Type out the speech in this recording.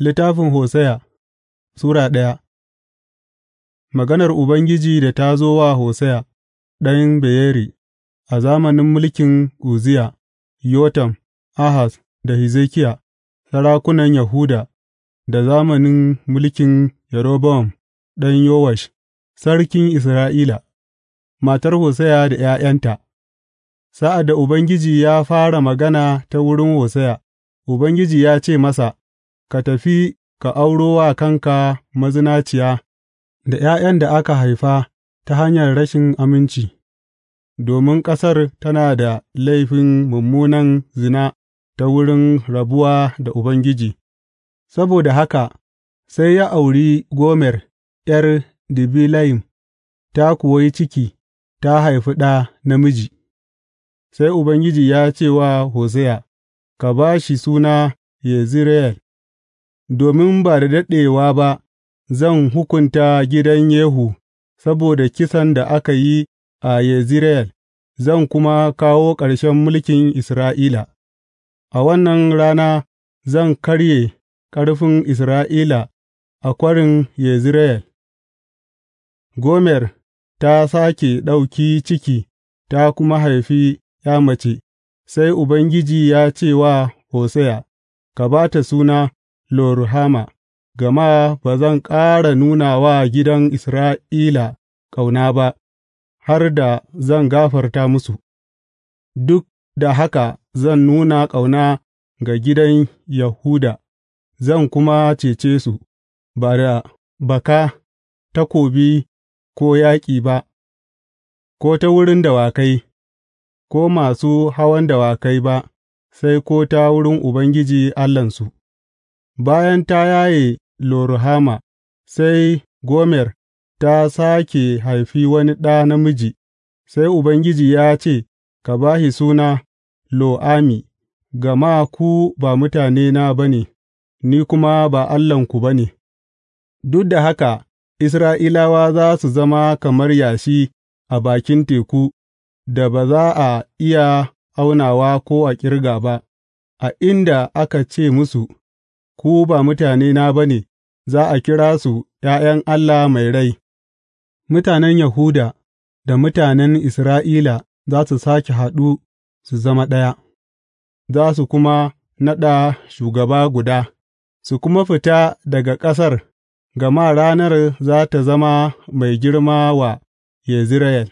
Littafin Hosiya Sura daya Maganar Ubangiji da ta zo wa Hosiya ɗan Beyeri a zamanin mulkin Uziya, Yotam, Ahaz da Hezekiya, sarakunan Yahuda, da zamanin mulkin Yerobowam ɗan Yowash, sarkin Isra'ila, matar Hosiya da ’ya'yanta. Sa'ad da Ubangiji ya fara magana ta wurin Hosiya, Ubangiji ya ce masa, Ka tafi ka auro wa kanka mazinaciya da ’ya'yan da aka haifa ta hanyar rashin aminci, domin ƙasar tana da laifin mummunan zina ta wurin rabuwa da Ubangiji, saboda haka sai ya auri Gomer ’yar Dibilayim, ta kuwa yi ciki ta haifi ɗa namiji, sai Ubangiji ya ce wa Hosea Ka ba shi suna Yezireyel. domin ba da daɗewa ba zan hukunta gidan Yehu saboda kisan da aka yi a Yezireyel, zan kuma kawo ƙarshen mulkin Isra'ila. A wannan rana zan karye ƙarfin Isra'ila a kwarin Yezireyel. Gomer ta sake ɗauki ciki ta kuma haifi ’ya mace, sai Ubangiji ya ce wa Hosiya, Ka ba ta suna. Lo Ruhama, gama ba zan ƙara nuna wa gidan Isra'ila ƙauna ba, har da zan gafarta musu, duk da haka zan nuna ƙauna ga gidan Yahuda, zan kuma cece su, ba da baka, takobi ko yaƙi ba, ko ta wurin dawakai, ko masu hawan dawakai ba, sai ko ta wurin Ubangiji Allahnsu. Bayan ta yaye Lo Ruhama, sai Gomer ta sake haifi wani ɗa namiji, sai Ubangiji ya ce, Ka ba shi suna Lo ami gama ku ba mutanena ba ne, ni kuma ba Allahnku ba ne, duk da haka Isra'ilawa za su zama kamar yashi a bakin teku da ba za a iya aunawa ko a ƙirga ba, a inda aka ce musu. Ku ba mutanena ba ne, za a kira su ’ya'yan Allah mai rai; mutanen Yahuda da mutanen Isra'ila za su sāke haɗu su zama ɗaya, za su kuma naɗa shugaba guda, su kuma fita daga ƙasar, gama ranar za ta zama mai girma wa Yezireyel.